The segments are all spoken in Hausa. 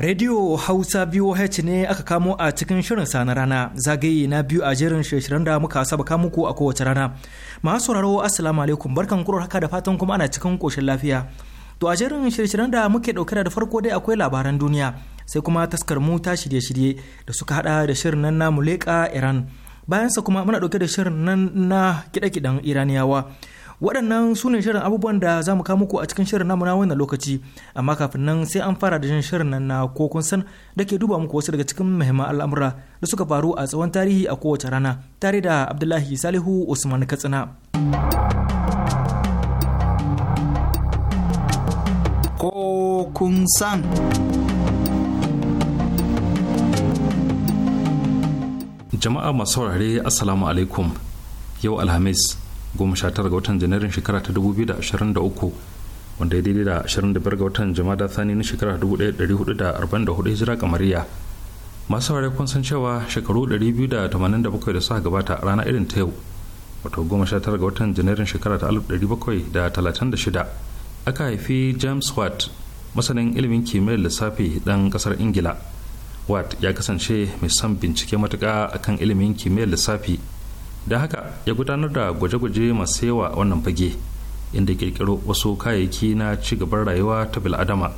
Radio Hausa boh ne aka kamo a cikin shirin sa na rana zagaye na biyu a jerin shirin da muka saba kamo ku a kowace rana. Masu sauraro Assalamu alaikum barkan kuro haka da fatan kuma ana cikin koshin lafiya. To a jerin shirin da muke dauke da farko dai akwai labaran duniya sai kuma taskar mu ta shirye-shirye da suka hada da shirin nan na leƙa Iran. bayan sa kuma muna dauke da shirin nan na kiɗe kiɗan Iraniyawa. waɗannan su ne shirin abubuwan da za mu muku a cikin shirin namu na wannan lokaci amma kafin nan sai an fara da jin shirin nan na ko kun san da ke duba muku wasu daga cikin muhimman al'amura da suka faru a tsawon tarihi a kowace rana tare da abdullahi salihu usman katsina ko kun san jama'a masu saurare assalamu alaikum yau alhamis goma tara ga watan janairun shekara ta dubu biyu da da ashirin uku wanda ya daidai da biyar ga watan jama'a sani na shekara hudu hijira kamariya masu saurare kun san cewa shekaru biyu da tamanin da da bakwai suka gabata a rana irin ta yau wato goma tara ga watan janairun shekara ta shida. aka haifi james watt masanin ilimin kimiyyar lissafi dan kasar ingila watt ya kasance mai son bincike matuka akan ilimin kimiyyar lissafi da haka ya gudanar da gwaje-gwaje masu yawa wannan fage inda kirkiro wasu kayayyaki na ci gaban rayuwa ta bil'adama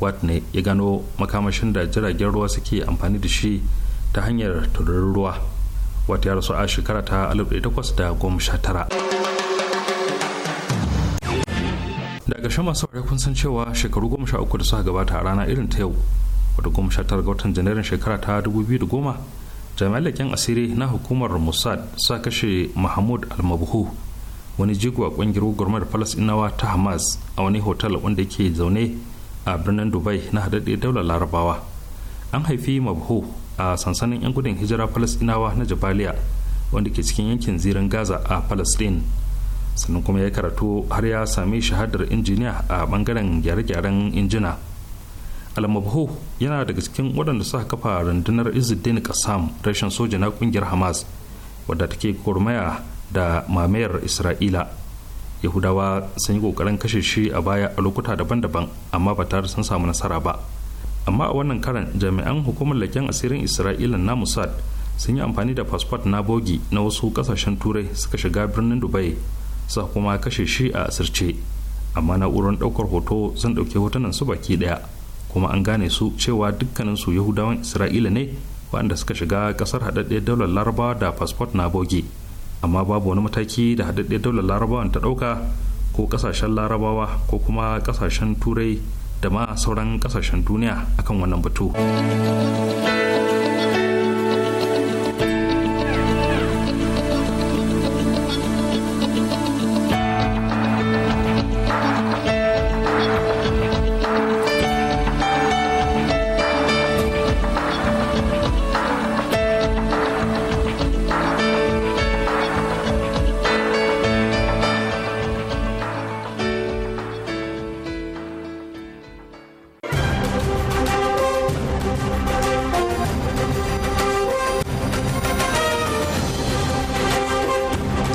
watne ya gano makamashin da jiragen ruwa suke amfani da shi ta hanyar tururin ruwa wata ya rasu a shekara ta 1819 daga shan masu kun san cewa shekaru goma sha uku da suka gabata a rana irin ta yau wata goma sha tara ga watan janairun shekara ta 2010 jami'ai leƙen asiri na hukumar mossad sa kashe mahmud mabhu wani jigwa a ƙungiyar gwamnatin falasinawa ta hamas a wani hotel wanda yake zaune a birnin dubai na haɗaɗɗe daular larabawa an haifi mabhu a sansanin 'yan gudun hijira falasinawa na jabaliya wanda ke cikin yankin zirin gaza a palestine sannan kuma ya karatu har ya sami shahadar injiniya a bangaren gyare-gyaren injina almabho yana daga cikin waɗanda suka kafa rundunar izuddin kasam rashin soja na ƙungiyar hamas wadda take gurmaya da mamayar isra'ila yahudawa sun yi ƙoƙarin kashe shi a baya a lokuta daban-daban amma ba tare sun samu nasara ba amma a wannan karan jami'an hukumar leken asirin isra'ila na musad sun yi amfani da fasfot na bogi na wasu kasashen turai suka shiga birnin dubai suka kuma kashe shi a asirce amma na'urar ɗaukar hoto sun ɗauki hotunan su baki ɗaya kuma an gane su cewa dukkanin su yahudawan isra'ila ne waɗanda suka shiga ƙasar haɗaɗɗiyar daular laraba da fasfot na boge amma babu wani mataki da haɗaɗɗiyar daular larabawan ta ɗauka ko ƙasashen larabawa ko kuma ƙasashen turai da ma sauran ƙasashen duniya akan wannan batu.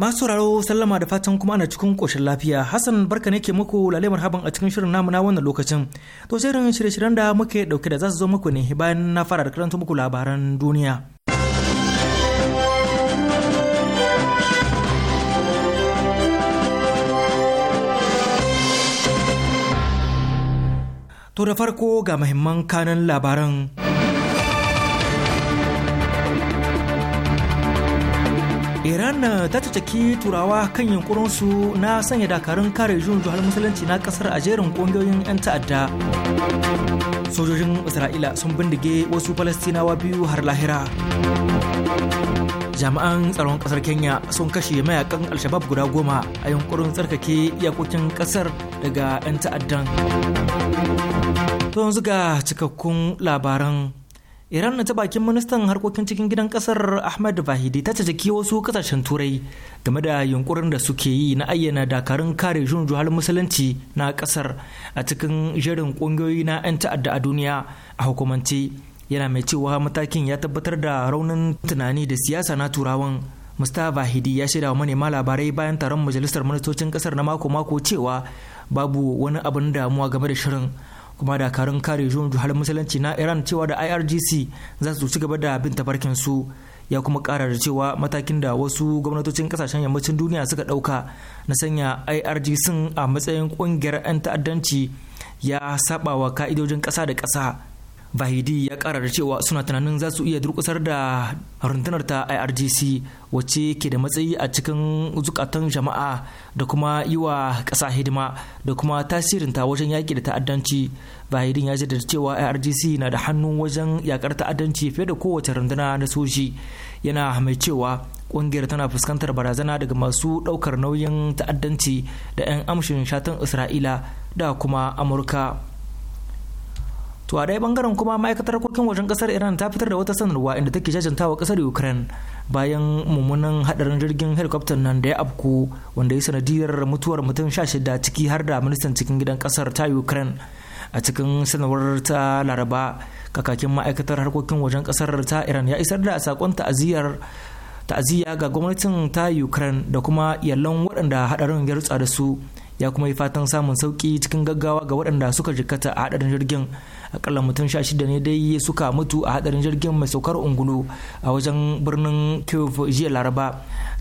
Masu sauraro sallama da fatan kuma ana cikin koshin lafiya. Hassan barka ne ke muku lalemar haban a cikin shirin namu na wannan lokacin. To shirin shirye-shiryen da muke dauke da za su zo muku ne bayan na fara da karanta muku labaran duniya. To da farko ga mahimman kanan labaran. iran uh, ta tattaki turawa kan yunkurinsu na sanya dakarun kare jun juhar musulunci na kasar a jerin ƙungiyoyin 'yan ta'adda sojojin isra'ila sun bindige wasu falastinawa biyu har lahira jami'an tsaron kasar kenya sun kashe mayakan alshabab guda goma a yunkurin tsarkake iyakokin kasar daga 'yan ta'addan don zuga cikakkun labaran iran ta bakin ministan harkokin cikin gidan kasar ahmad bahidi ta cajaki wasu kasashen turai game da yunkurin da suke yi na ayyana dakarun kare jun juhal musulunci na kasar a cikin jerin kungiyoyi na 'yan ta'adda a duniya a hukumance yana mai cewa matakin ya tabbatar da raunin tunani da siyasa na turawan Mustapha vahidi ya wa manema labarai bayan taron majalisar ministocin kasar na mako-mako cewa babu wani abin damuwa game da shirin kuma dakarun kare juyin juhar musulunci na iran cewa da irgc za su ci gaba da bin tafarkin su ya kuma kara da cewa matakin da wasu gwamnatocin kasashen yammacin duniya suka dauka na sanya irgc a matsayin kungiyar 'yan ta'addanci ya saba wa ka'idojin kasa da kasa bahidi ya kara da cewa suna tunanin za su iya durkusar da rundunar ta irgc wacce ke da matsayi a cikin zukatan jama'a da kuma yi wa ƙasa hidima da kuma tasirin ta wajen yaƙi da ta'addanci vahidin ya jaddada cewa irgc na da hannu wajen yaƙar ta'addanci fiye da kowace runduna na soji yana mai cewa ƙungiyar tana fuskantar barazana daga masu ɗaukar nauyin ta'addanci da 'yan amshin shatan isra'ila da kuma amurka to a ɗaya bangaren kuma ma'aikatar harkokin wajen kasar iran ta fitar da wata sanarwa inda take jajantawa kasar ukraine bayan mummunan hadarin jirgin helicopter nan da ya afku wanda ya sanadiyar mutuwar mutum sha shida ciki har da ministan cikin gidan kasar ta ukraine a cikin sanarwar ta laraba kakakin ma'aikatar harkokin wajen kasar ta iran ya isar da sakon ta'aziyar ta'aziya ga gwamnatin ta ukraine da kuma iyalan waɗanda hadarin ya rutsa da su ya kuma yi fatan samun sauki cikin gaggawa ga waɗanda suka jikkata a hadarin jirgin akalla mutum sha shida ne dai suka mutu a hadarin jirgin mai saukar ungulu a wajen birnin kyiv jiya laraba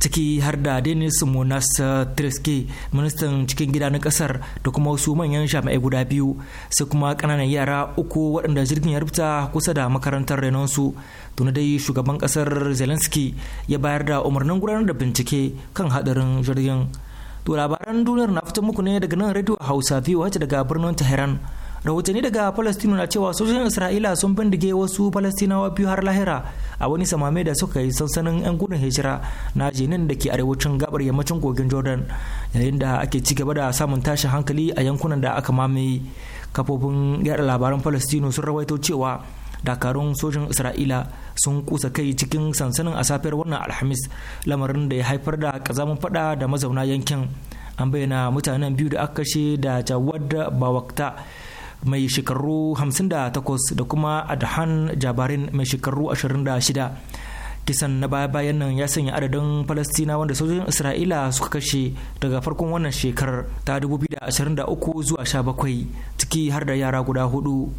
ciki har da denis monas triske ministan cikin gida na kasar da kuma wasu manyan jami'ai guda biyu sai kuma kananan yara uku waɗanda jirgin ya rubuta kusa da makarantar renonsu tuni dai shugaban kasar zelensky ya bayar da umarnin gudanar da bincike kan hadarin jirgin to labaran duniyar na fita muku ne daga nan radio hausa biyu wace daga birnin tehran rahotanni daga palestino na cewa sojojin isra'ila sun bindige wasu palestinawa biyu har lahira a wani samame da suka yi sansanin 'yan gudun hijira na jinin da ke arewacin gabar yammacin kogin jordan yayin da ake ci gaba da samun tashin hankali a yankunan da aka mamaye kafofin yada labaran palestino sun rawaito cewa dakarun sojin isra'ila sun kusa kai cikin sansanin a safiyar wannan alhamis lamarin da ya haifar da kazamin fada da mazauna yankin an bayyana mutanen biyu da aka kashe da jawad bawakta mai shekaru 58 da kuma adhan jabarin mai shekaru 26 kisan na baya-bayan nan ya sanya adadin falastina wanda sojojin isra'ila suka kashe daga farkon wannan shekarar ta 2023 zuwa 17 ciki har da yara guda hudu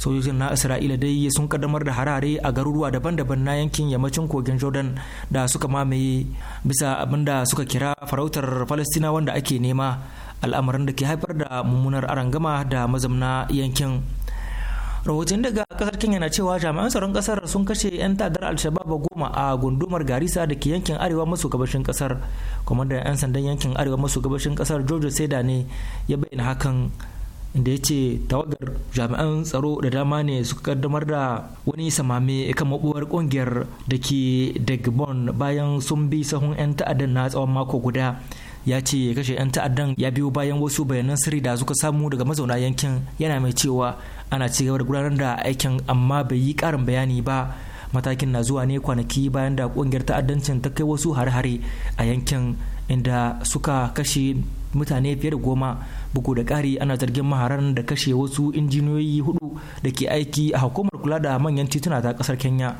sojojin na isra'ila dai sun kaddamar da harare a garuruwa daban-daban na yankin yammacin kogin jordan da suka mamaye bisa abinda suka kira farautar palestina wanda ake nema al'amarin da ke haifar da mummunar arangama da mazamna yankin rahoton daga kasar kenya na cewa jami'an tsaron kasar sun kashe 'yan tadar alshababa goma a gundumar garisa da ke yankin arewa maso gabashin kasar kwamandan 'yan sandan yankin arewa maso gabashin kasar george seda ne ya bayyana hakan da ya ce tawagar jami'an tsaro da dama ne suka kaddamar da wani samame kan mabuwar kungiyar da ke dagbon bayan sun bi sahun 'yan ta'addan na tsawon mako guda ya ce ya kashe 'yan ta'addan ya biyo bayan wasu bayanan sirri da suka samu daga mazauna yankin yana mai cewa ana ci gaba da gudanar da aikin amma bai yi karin bayani ba matakin na zuwa ne kwanaki bayan da kungiyar ta'addancin ta kai wasu hare-hare a yankin inda suka kashe mutane fiye da goma bugu da ƙari ana zargin maharan da kashe wasu injiniyoyi hudu da ke aiki a hukumar kula da manyan tituna ta ƙasar kenya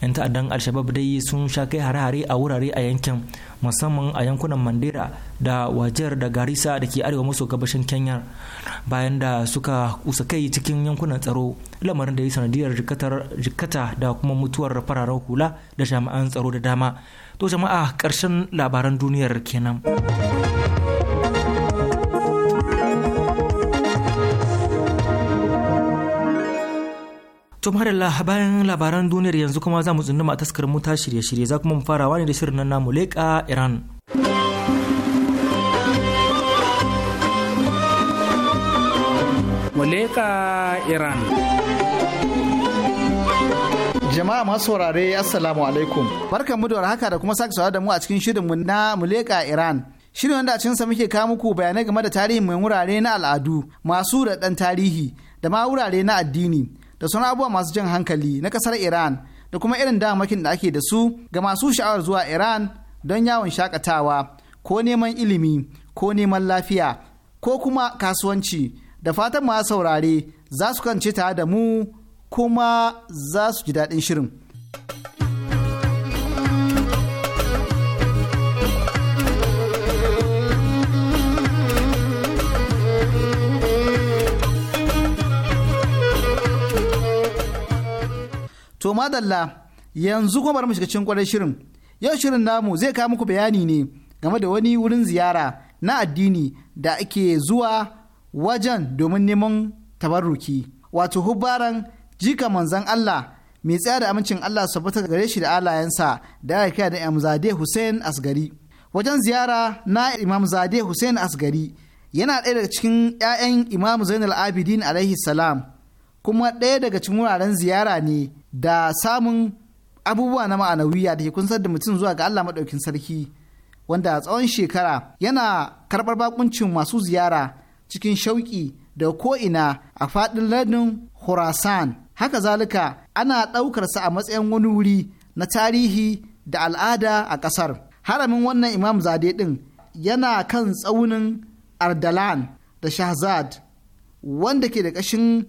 'yan ta'addan alshabab dai sun sha kai hare-hare a wurare a yankin musamman a yankunan mandera da wajer da garisa da ke arewa maso gabashin kenya bayan da suka kusa kai cikin yankunan tsaro lamarin da ya sanadiyar jikata da kuma mutuwar fararen hula da jami'an tsaro da dama to jama'a ƙarshen labaran duniyar kenan. To madalla bayan labaran duniyar yanzu kuma za mu tsunduma taskar mu ta shirye-shirye za kuma mu farawa ne da shirin nan namu leƙa Iran. Muleka Iran. Jama'a masu saurare Assalamu alaikum. Barkan mu da haka da kuma sake saurare da mu a cikin shirinmu na Muleka Iran. Shirin wanda a sa muke kawo muku bayanai game da tarihin mai wurare na al'adu masu da ɗan tarihi da ma wurare na addini. da sauran abubuwa masu jan hankali na kasar Iran da kuma irin damakin da ake da su ga masu sha'awar zuwa Iran don yawon shakatawa ko neman ilimi ko neman lafiya ko kuma kasuwanci da fatan masu saurare za su kance tare da mu kuma za su ji daɗin shirin. To madalla yanzu kuma bari mu shiga cikin kwarar shirin. Yau shirin namu zai kawo muku bayani ne game da wani wurin ziyara na addini da ake zuwa wajen domin neman tabarruki. Wato Hubaran, jika manzan Allah mai tsaya da amincin Allah su fita gare shi da alayensa da aka kira da Zade Hussein Asgari. Wajen ziyara na Imam Zade Hussein Asgari yana ɗaya daga cikin 'ya'yan Imam Zainal Abidin alaihi salam kuma ɗaya daga cikin wuraren ziyara ne da samun abubuwa na ma'anawiya da ke kunsar da mutum zuwa ga Allah maɗaukin sarki wanda a tsawon shekara yana karɓar bakuncin masu ziyara cikin shauƙi da ko'ina a faɗin lardin Khorasan. Haka zalika ana ɗaukarsa a matsayin wani wuri na tarihi da al'ada a ƙasar. Haramin wannan Imam Zade ɗin yana kan tsaunin Ardalan da Shahzad wanda ke da ƙashin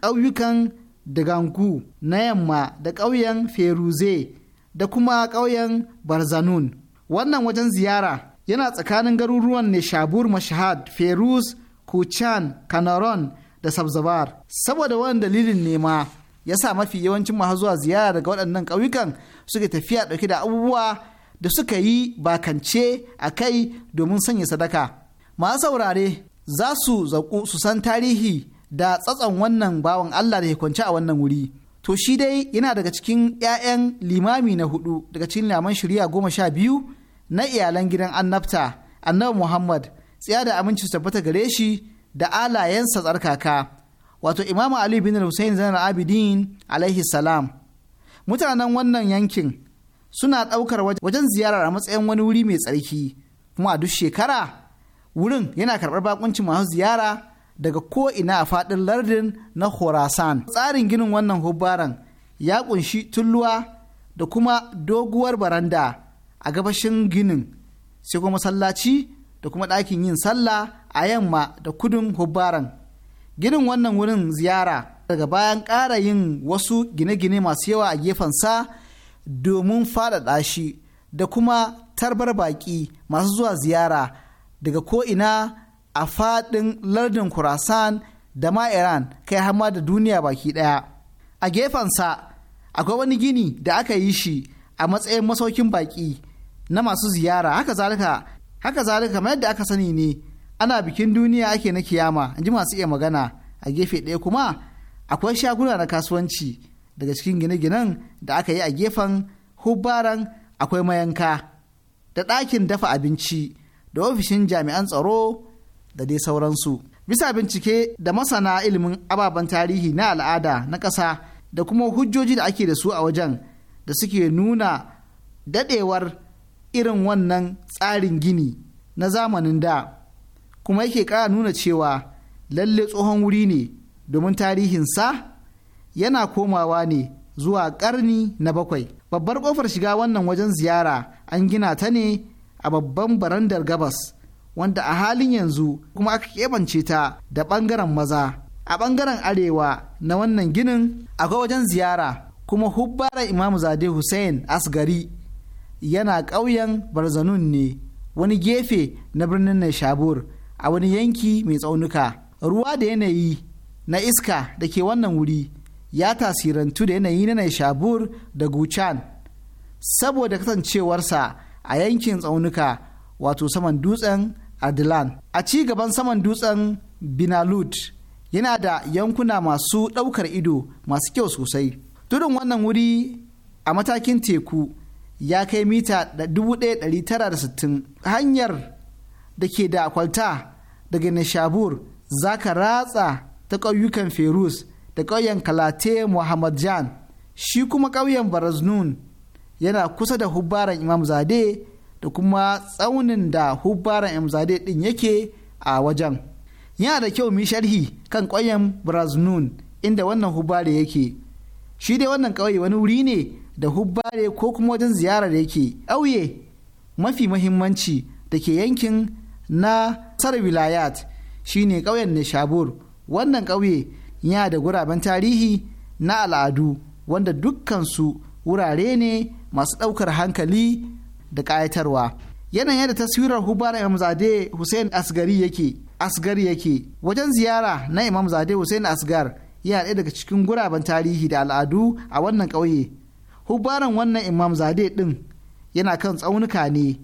ƙauyukan da gangu na yamma da ƙauyen feruze da kuma ƙauyen barzanun wannan wajen ziyara yana tsakanin garuruwan neshabur mashahad feruz kuchan kanaron da sabzabar saboda wani dalilin nema ya sa mafi yawancin masu zuwa ziyara daga waɗannan ƙauyukan suke tafiya ɗauke da abubuwa da suka yi bakance a kai domin sanya sadaka masu saurare za su zaƙu su san tarihi da tsatson wannan bawan Allah da ya kwanci a wannan wuri. To shi dai yana daga cikin 'ya'yan limami na hudu daga cikin laman shari'a goma sha biyu na iyalan gidan annabta annabi Muhammad tsaya da aminci tabbata gare shi da alayensa tsarkaka. Wato Imam Ali bin Hussein Zainal Abidin alaihi salam. Mutanen wannan yankin suna ɗaukar wajen ziyarar a matsayin wani wuri mai tsarki kuma a duk shekara wurin yana karɓar bakuncin masu ziyara daga ko'ina a faɗin lardin na Khorasan. Tsarin ginin wannan hubbaran ya ƙunshi tulluwa da kuma doguwar baranda a gabashin ginin, sai kuma masallaci da kuma ɗakin yin sallah a yamma da kudin hubbaran. Ginin wannan wurin ziyara daga bayan ƙara yin wasu gine-gine masu yawa a gefensa domin faɗaɗa shi da kuma tarbar baƙi masu zuwa ziyara daga ko'ina a faɗin lardin kurasan da ma Iran kai hama da duniya baki ɗaya. A gefensa akwai wani gini da aka yi shi a matsayin masaukin baƙi na masu ziyara haka zalika haka zalika kamar yadda aka sani ne ana bikin duniya ake na kiyama in ji masu iya magana a gefe ɗaya kuma akwai shaguna na kasuwanci daga cikin gine-ginen da aka yi a gefen hubbaran akwai mayanka da ɗakin dafa abinci da ofishin jami'an tsaro da dai sauransu. Bisa bincike da masana ilimin ababen tarihi na al'ada na ƙasa da kuma hujjoji da ake da su a wajen da suke nuna daɗewar irin wannan tsarin gini na zamanin da kuma yake ƙara nuna cewa lalle tsohon wuri ne domin tarihinsa yana komawa ne zuwa ƙarni na bakwai. Babbar ƙofar shiga wannan wajen ziyara an gina ta ne a babban barandar gabas. wanda a halin yanzu kuma aka keɓance ta da ɓangaren maza. A ɓangaren arewa na wannan ginin akwai wajen ziyara kuma hubbara Imam Zade Hussein Asgari yana ƙauyen Barzanun ne wani gefe na birnin Neshabur a wani yanki mai tsaunuka. Ruwa da yanayi na iska da ke wannan wuri ya tasirantu da yanayi na Neshabur da Guchan saboda kasancewarsa a yankin tsaunuka wato saman dutsen Adilan a ci gaban saman dutsen Binalud yana da yankuna masu ɗaukar ido masu kyau sosai. Tudun wannan wuri a matakin teku ya kai mita 1960 hanyar da ke da kwalta daga Nishabur za ka ratsa ta ƙauyukan Ferus da ƙauyen Kalate Muhammad Jan shi kuma ƙauyen Baraznun yana kusa da hubbaran Imam Zade da kuma tsaunin da hubbaran imzade din yake a wajen yana da kyau mu sharhi kan ƙwayen braznun inda wannan hubbare yake shi dai wannan ƙauye wani wuri ne da hubbare ko kuma wajen ziyarar yake ƙauye mafi mahimmanci da ke yankin na sar wilayat shi shine ƙauyen nishabur wannan ƙauye yana da guraben tarihi na al'adu wanda dukkansu wurare ne masu ɗaukar hankali da ƙayatarwa yanayin yadda taswirar hubar imam zade hussein asgari yake asgari yake wajen ziyara na imam zade hussein asgar yana ɗaya daga cikin guraben tarihi da al'adu a wannan ƙauye hubaran wannan imam zade ɗin yana kan tsaunuka ne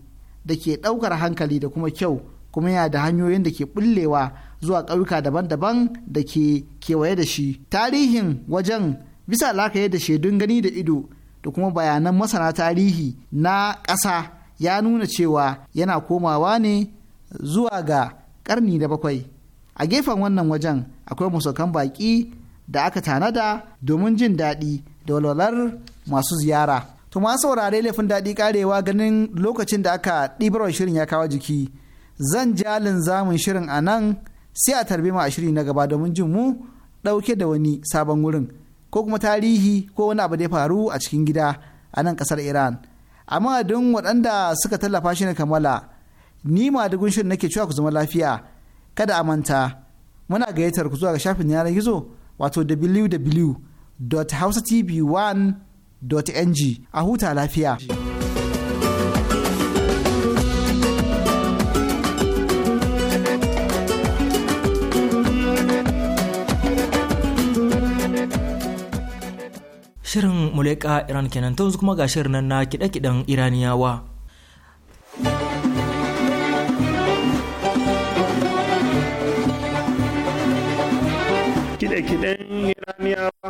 da ke ɗaukar hankali da kuma kyau kuma yana da hanyoyin da ke bullewa zuwa ƙauyuka daban-daban da ke kewaye da shi tarihin wajen bisa lakaye da shaidun gani da ido da kuma bayanan masana tarihi na ƙasa ya nuna cewa yana komawa ne zuwa ga ƙarni da bakwai a gefen wannan wajen akwai musakan baƙi da aka tanada domin jin daɗi da walwalar masu ziyara to ma saurare laifin daɗi ƙarewa ganin lokacin da aka ɗibarwa shirin ya kawo jiki zan jalin zamun shirin a nan sai a tarbe ma a shiri na gaba domin jin mu ɗauke da wani sabon wurin ko kuma tarihi ko wani abu da ya faru a cikin gida a nan kasar iran amma don waɗanda suka tallafa shi ne kamala ni ma da gunshin nake cewa ku zama lafiya kada a manta muna gayyatar ku zuwa ga shafin yanar gizo wato www.hausatv1.ng a huta lafiya. muleka iran kenan ta kuma ga shirin nan na kiɗe-kiɗen iraniyawa kiɗe-kiɗen iraniyawa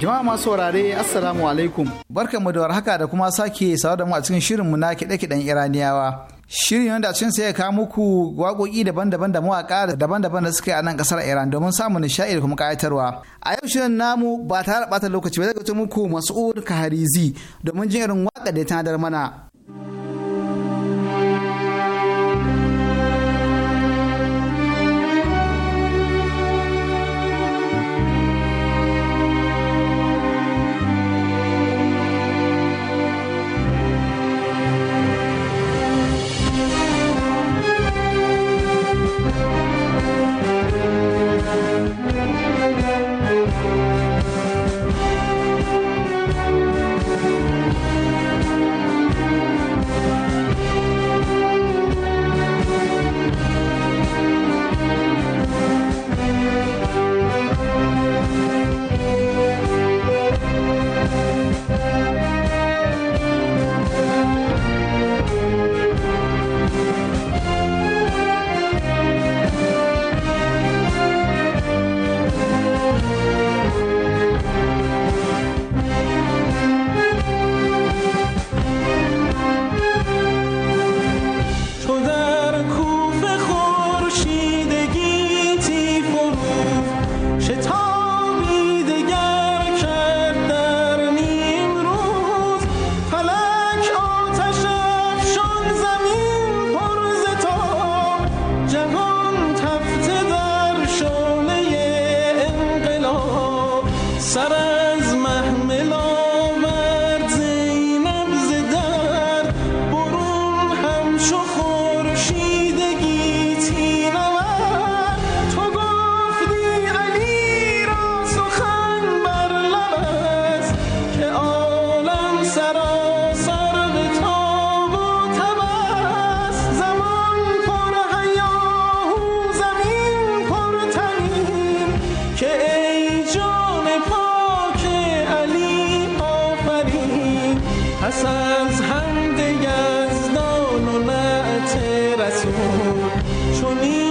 Jama'a masu wurare Assalamu alaikum. Barkanmu da warhaka da kuma sake sawa da mu a cikin shirinmu na kiɗe-kiɗen Iraniyawa. Shirin wanda cin sai ya kawo muku waƙoƙi daban-daban da mawaƙa daban-daban da suka yi a nan ƙasar Iran domin samun nishaɗi da kuma ƙayatarwa. A yau shirin namu ba tare da ɓata lokaci ba zai gato muku Mas'ud Kaharizi domin jin irin waƙa da ya tanadar mana. از هند یزدان و نعت رسول چونی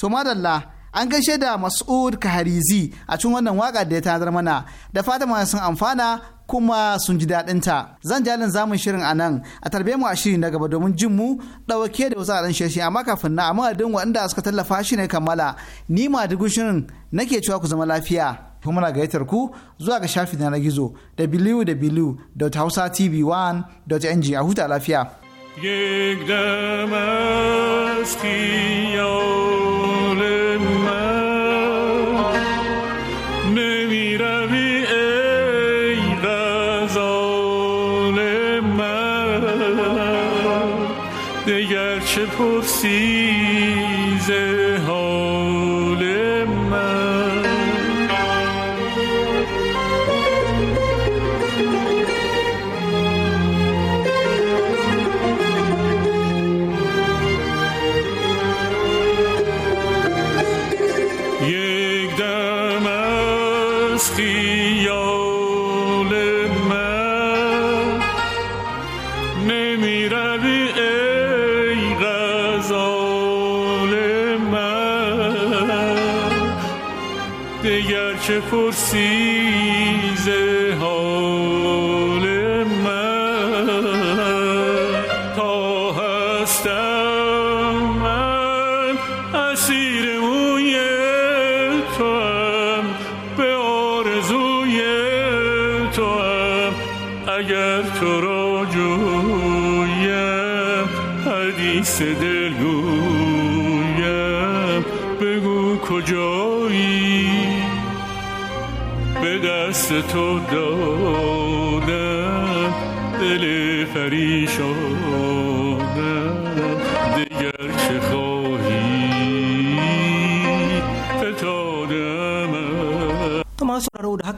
To madalla an gaishe da Mas'ud Kaharizi a cikin wannan waka da ya tanadar mana da fata mana sun amfana kuma sun ji daɗin ta. Zan jalin zamun shirin a nan a tarbe mu a shiri na gaba domin jin mu ɗauke da wasu ɗan sheshi amma kafin na amma adin waɗanda suka tallafa shi ne kammala ni ma dugu shirin nake cewa ku zama lafiya. Kuma na gayyatar ku zuwa ga shafin na gizo www.hausatv1.ng a huta lafiya. یک دم از من نمی ای غزال من دگر چه پرسی اسیر موی تو هم به آرزوی تو هم اگر تو را جویم حدیث دلگویم بگو کجایی به دست تو دادم دل پریشان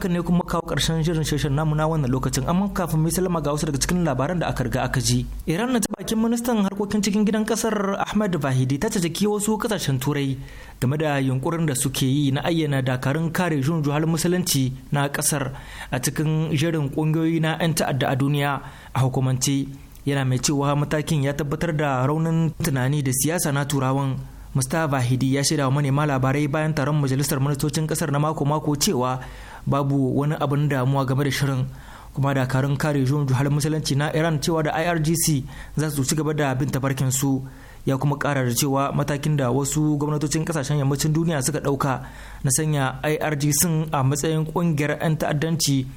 hakan ne kuma kawo karshen shirin shirin namu na wannan lokacin amma kafin mu salama ga wasu daga cikin labaran da aka riga aka ji iran na ta bakin ministan harkokin cikin gidan kasar ahmad bahidi ta jaki wasu kasashen turai game da yunkurin da suke yi na ayyana dakarun kare jun juhal musulunci na kasar a cikin jerin kungiyoyi na 'yan ta'adda a duniya a hukumance yana mai cewa matakin ya tabbatar da raunin tunani da siyasa na turawan mustapha hidi ya shirya manema labarai bayan taron majalisar ministocin kasar na mako-mako cewa babu wani abin damuwa game da shirin kuma dakarun kare juyin juhar musulunci na iran cewa da irgc za su ci gaba da bin tafarkin su ya kuma kara da cewa matakin da wasu gwamnatocin kasashen yammacin duniya suka dauka na sanya irgc a matsayin kungiyar 'yan ta'addanci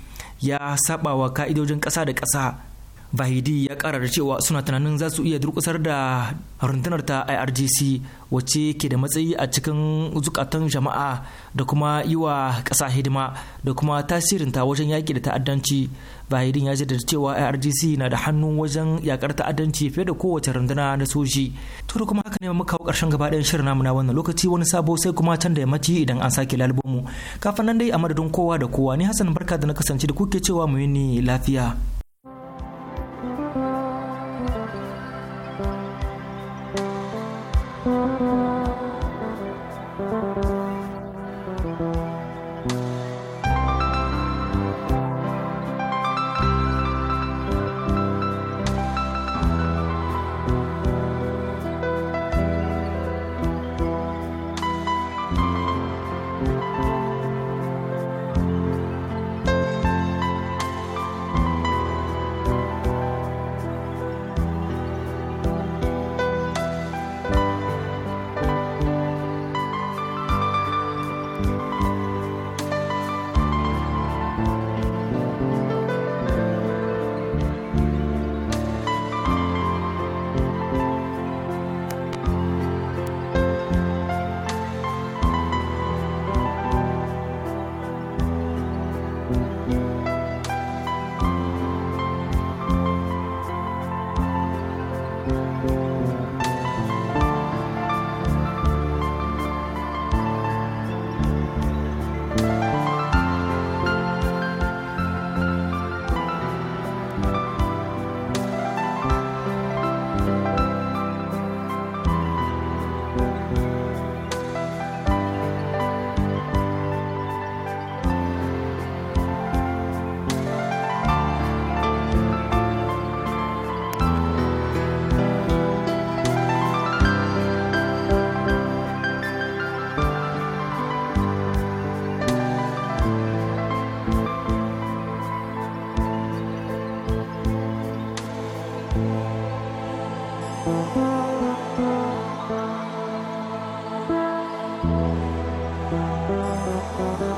ya saba wa ka'idojin kasa da kasa vahidi ya karar da cewa suna tunanin za su iya durkusar da rundunar ta irgc wacce ke da matsayi a cikin zukatan jama'a da kuma yi wa ƙasa hidima da kuma tasirinta wajen yaƙi da ta'addanci vahidin ya jaddada cewa irgc na da hannu wajen yakar ta'addanci fiye da kowace runduna na soji to kuma haka ne muka kawo ƙarshen gaba ɗayan shirin namu na wannan lokaci wani sabo sai kuma can da yammaci idan an sake lalbomu kafin nan dai a madadin kowa da kowa ni hassan barka da na kasance da kuke cewa mu yi ni lafiya Thank you.